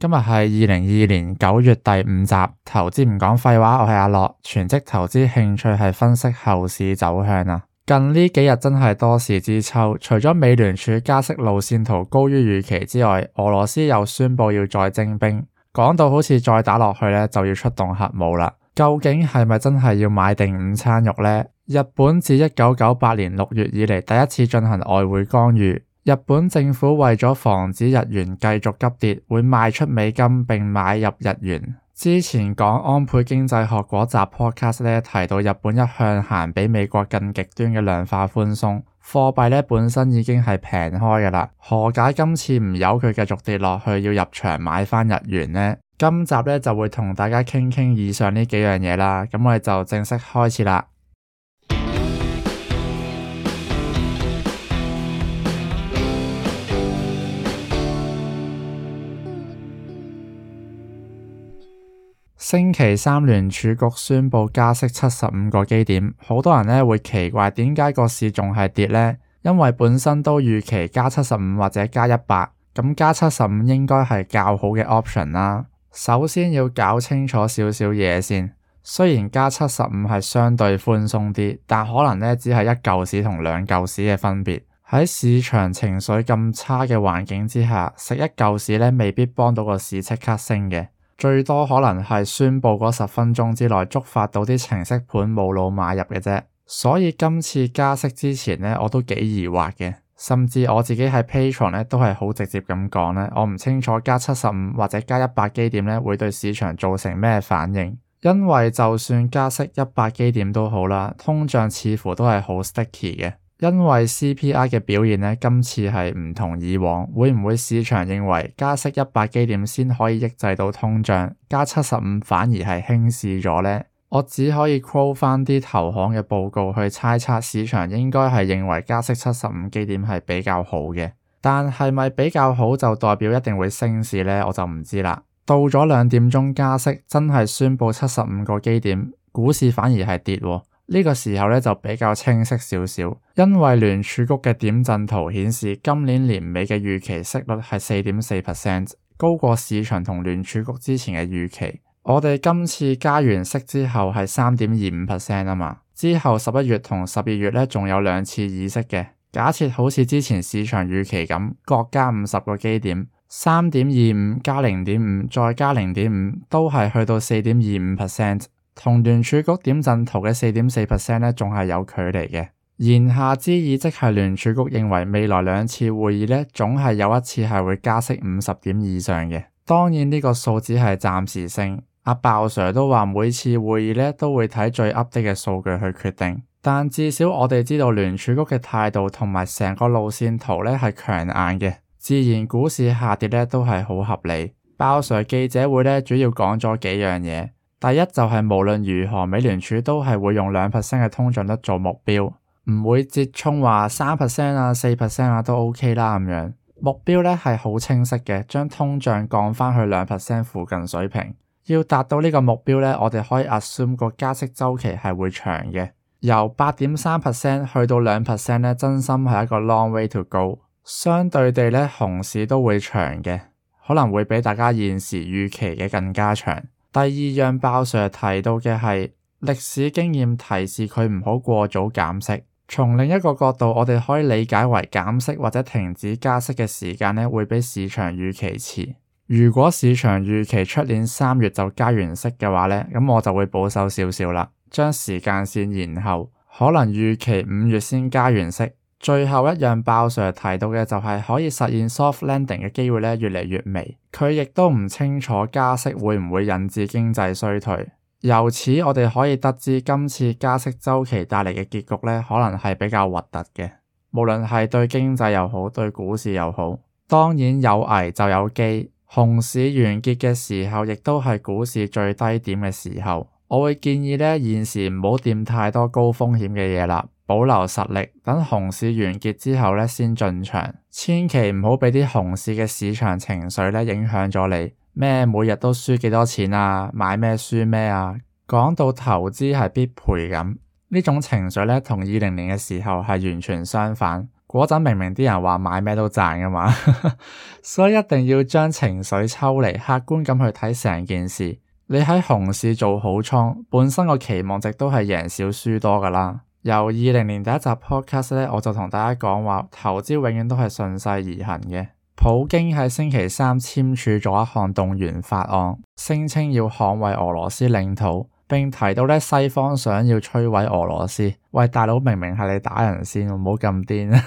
今日係二零二二年九月第五集，投資唔講廢話，我係阿樂，全職投資興趣係分析後市走向啊！近呢幾日真係多事之秋，除咗美聯儲加息路線圖高於預期之外，俄羅斯又宣布要再徵兵，講到好似再打落去呢，就要出動核武啦。究竟係咪真係要買定午餐肉呢？日本自一九九八年六月以嚟第一次進行外匯干預。日本政府為咗防止日元繼續急跌，會賣出美金並買入日元。之前講安倍經濟學嗰集 podcast 呢，提到，日本一向行比美國更極端嘅量化寬鬆，貨幣呢本身已經係平開㗎喇。何解今次唔由佢繼續跌落去，要入場買返日元呢？今集呢就會同大家傾傾以上呢幾樣嘢啦。咁我哋就正式開始啦。星期三聯儲局宣布加息七十五個基點，好多人呢會奇怪點解個市仲係跌呢？因為本身都預期加七十五或者加一百，咁加七十五應該係較好嘅 option 啦。首先要搞清楚少少嘢先。雖然加七十五係相對寬鬆啲，但可能呢只係一嚿屎同兩嚿屎嘅分別。喺市場情緒咁差嘅環境之下，食一嚿屎呢未必幫到個市即刻升嘅。最多可能係宣布嗰十分鐘之內觸發到啲程式盤冇腦買入嘅啫，所以今次加息之前咧，我都幾疑惑嘅，甚至我自己喺 Patreon 咧都係好直接咁講咧，我唔清楚加七十五或者加一百基點咧會對市場造成咩反應，因為就算加息一百基點都好啦，通脹似乎都係好 sticky 嘅。因為 CPI 嘅表現咧，今次係唔同以往，會唔會市場認為加息一百基點先可以抑制到通脹，加七十五反而係輕視咗呢？我只可以 quote 翻啲投行嘅報告去猜測，市場應該係認為加息七十五基點係比較好嘅，但係咪比較好就代表一定會升市呢？我就唔知啦。到咗兩點鐘加息，真係宣布七十五個基點，股市反而係跌喎。呢個時候咧就比較清晰少少，因為聯儲局嘅點陣圖顯示今年年尾嘅預期息率係四點四 percent，高過市場同聯儲局之前嘅預期。我哋今次加完息之後係三點二五 percent 啊嘛，之後十一月同十二月咧仲有兩次議息嘅。假設好似之前市場預期咁，各加五十個基點，三點二五加零點五再加零點五，都係去到四點二五 percent。同聯儲局點陣圖嘅四點四 percent 咧，仲係有距離嘅。言下之意，即係聯儲局認為未來兩次會議咧，總係有一次係會加息五十點以上嘅。當然呢個數字係暫時性。阿、啊、鮑 Sir 都話，每次會議咧都會睇最 update 嘅數據去決定。但至少我哋知道聯儲局嘅態度同埋成個路線圖咧係強硬嘅，自然股市下跌咧都係好合理。鮑 Sir 記者會咧主要講咗幾樣嘢。第一就係無論如何，美聯儲都係會用兩 percent 嘅通脹率做目標，唔會折衷話三 percent 啊、四 percent 啊都 OK 啦咁樣。目標呢係好清晰嘅，將通脹降翻去兩 percent 附近水平。要達到呢個目標呢，我哋可以 assume 個加息周期係會長嘅，由八點三 percent 去到兩 percent 呢，真心係一個 long way to go。相對地呢，熊市都會長嘅，可能會比大家現時預期嘅更加長。第二樣鮑 Sir 提到嘅係歷史經驗提示佢唔好過早減息。從另一個角度，我哋可以理解為減息或者停止加息嘅時間呢，會比市場預期遲。如果市場預期出年三月就加完息嘅話呢，咁我就會保守少少啦，將時間線延後，可能預期五月先加完息。最後一樣，鮑 Sir 提到嘅就係可以實現 soft landing 嘅機會咧，越嚟越微。佢亦都唔清楚加息會唔會引致經濟衰退。由此，我哋可以得知今次加息周期帶嚟嘅結局咧，可能係比較核突嘅。無論係對經濟又好，對股市又好，當然有危就有機。熊市完結嘅時候，亦都係股市最低點嘅時候。我會建議咧，現時唔好掂太多高風險嘅嘢啦。保留實力，等熊市完結之後咧，先進場。千祈唔好畀啲熊市嘅市場情緒咧，影響咗你。咩每日都輸幾多錢啊？買咩輸咩啊？講到投資係必賠咁，呢種情緒咧，同二零年嘅時候係完全相反。嗰陣明明啲人話買咩都賺噶嘛， 所以一定要將情緒抽離，客觀咁去睇成件事。你喺熊市做好倉，本身個期望值都係贏少輸多噶啦。由二零年第一集 podcast 咧，我就同大家講話，投資永遠都係順勢而行嘅。普京喺星期三簽署咗一項動員法案，聲稱要捍衛俄羅斯領土，並提到西方想要摧毀俄羅斯。喂大佬，明明係你打人先，唔好咁癲。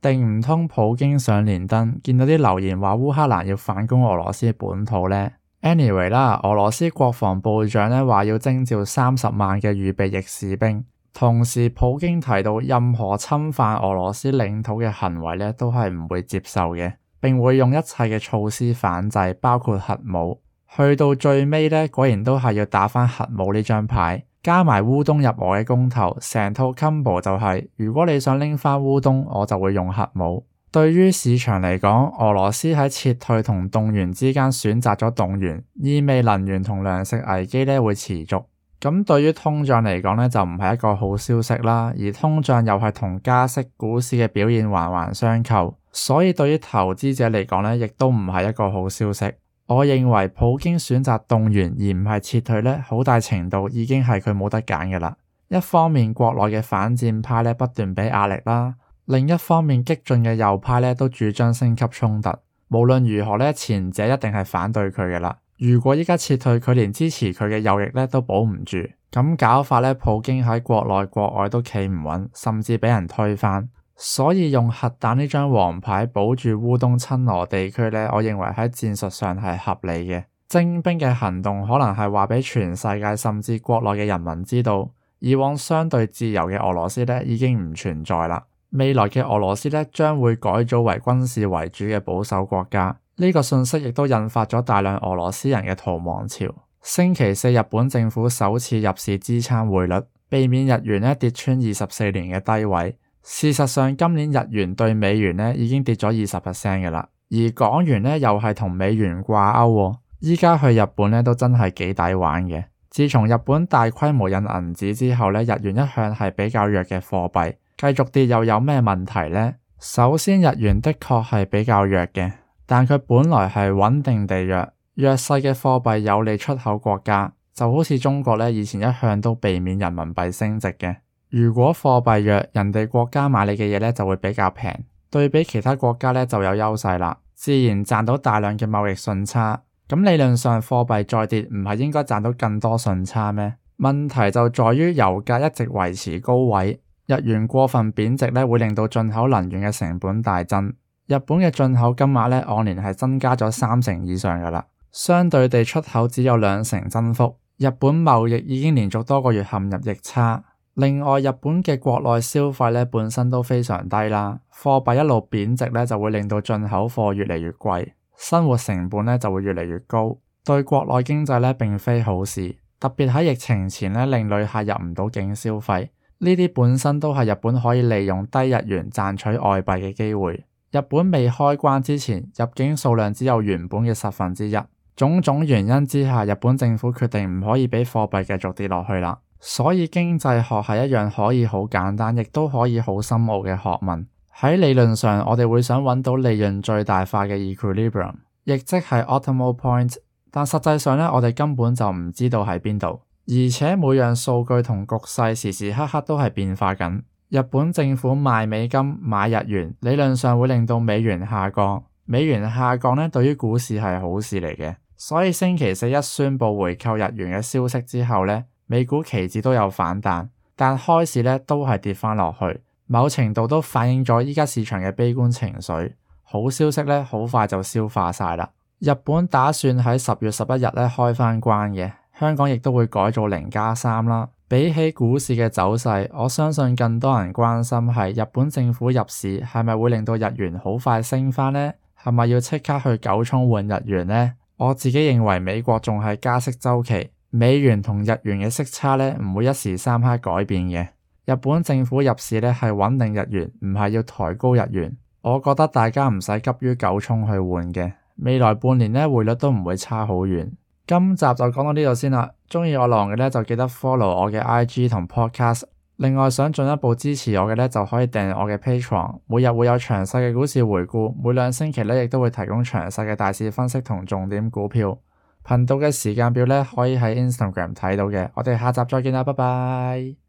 定唔通普京上連登見到啲留言話烏克蘭要反攻俄羅斯本土呢？Anyway 啦，俄羅斯國防部長咧話要徵召三十萬嘅預備役士兵。同時，普京提到任何侵犯俄羅斯領土嘅行為咧，都係唔會接受嘅，並會用一切嘅措施反制，包括核武。去到最尾咧，果然都係要打翻核武呢張牌，加埋烏冬入俄嘅公投，成套 combo 就係：如果你想拎翻烏冬，我就會用核武。對於市場嚟講，俄羅斯喺撤退同動員之間選擇咗動員，意味能源同糧食危機咧會持續。咁對於通脹嚟講呢，就唔係一個好消息啦。而通脹又係同加息、股市嘅表現環環相扣，所以對於投資者嚟講呢，亦都唔係一個好消息。我認為普京選擇動員而唔係撤退呢，好大程度已經係佢冇得揀嘅啦。一方面國內嘅反戰派呢，不斷畀壓力啦，另一方面激進嘅右派呢都主張升級衝突。無論如何呢，前者一定係反對佢嘅啦。如果而家撤退，佢連支持佢嘅右翼咧都保唔住，咁搞法咧，普京喺國內國外都企唔穩，甚至俾人推翻。所以用核彈呢張黃牌保住烏東親俄地區咧，我認為喺戰術上係合理嘅。徵兵嘅行動可能係話俾全世界甚至國內嘅人民知道，以往相對自由嘅俄羅斯咧已經唔存在啦。未來嘅俄羅斯咧將會改組為軍事為主嘅保守國家。呢個信息亦都引發咗大量俄羅斯人嘅逃亡潮。星期四，日本政府首次入市支撐匯率，避免日元呢跌穿二十四年嘅低位。事實上，今年日元對美元呢已經跌咗二十 percent 㗎喇。而港元呢又係同美元掛鈎喎，依家去日本呢都真係幾抵玩嘅。自從日本大規模印銀紙之後呢，日元一向係比較弱嘅貨幣，繼續跌又有咩問題呢？首先，日元的確係比較弱嘅。但佢本來係穩定地弱，弱勢嘅貨幣有利出口國家，就好似中國以前一向都避免人民幣升值嘅。如果貨幣弱，人哋國家買你嘅嘢咧就會比較平，對比其他國家就有優勢啦，自然賺到大量嘅貿易順差。咁理論上貨幣再跌唔係應該賺到更多順差咩？問題就在於油價一直維持高位，日元過分貶值咧會令到進口能源嘅成本大增。日本嘅進口金額呢，按年係增加咗三成以上噶啦，相對地出口只有兩成增幅。日本貿易已經連續多個月陷入逆差。另外，日本嘅國內消費呢，本身都非常低啦，貨幣一路貶值呢，就會令到進口貨越嚟越貴，生活成本呢就會越嚟越高，對國內經濟呢，並非好事。特別喺疫情前呢，令旅客入唔到境消費。呢啲本身都係日本可以利用低日元賺取外幣嘅機會。日本未開關之前，入境數量只有原本嘅十分之一。種種原因之下，日本政府決定唔可以俾貨幣繼續跌落去啦。所以經濟學係一樣可以好簡單，亦都可以好深奧嘅學問。喺理論上，我哋會想搵到利潤最大化嘅 equilibrium，亦即係 optimal point。但實際上呢，我哋根本就唔知道喺邊度，而且每樣數據同局勢時時刻刻都係變化緊。日本政府賣美金買日元，理論上會令到美元下降。美元下降呢，對於股市係好事嚟嘅。所以星期四一宣布回購日元嘅消息之後呢，美股期指都有反彈，但開市呢都係跌翻落去。某程度都反映咗依家市場嘅悲觀情緒。好消息呢，好快就消化晒啦。日本打算喺十月十一日呢開翻關嘅，香港亦都會改做零加三啦。3, 比起股市嘅走勢，我相信更多人關心係日本政府入市係咪會令到日元好快升翻咧？係咪要即刻去九沖換日元咧？我自己認為美國仲係加息週期，美元同日元嘅息差咧，唔會一時三刻改變嘅。日本政府入市咧，係穩定日元，唔係要抬高日元。我覺得大家唔使急於九沖去換嘅，未來半年咧，匯率都唔會差好遠。今集就講到呢度先啦，鍾意我郎嘅咧就記得 follow 我嘅 IG 同 podcast，另外想進一步支持我嘅咧就可以訂閱我嘅 Patreon，每日會有詳細嘅股市回顧，每兩星期咧亦都會提供詳細嘅大市分析同重點股票。頻道嘅時間表咧可以喺 Instagram 睇到嘅，我哋下集再見啦，拜拜。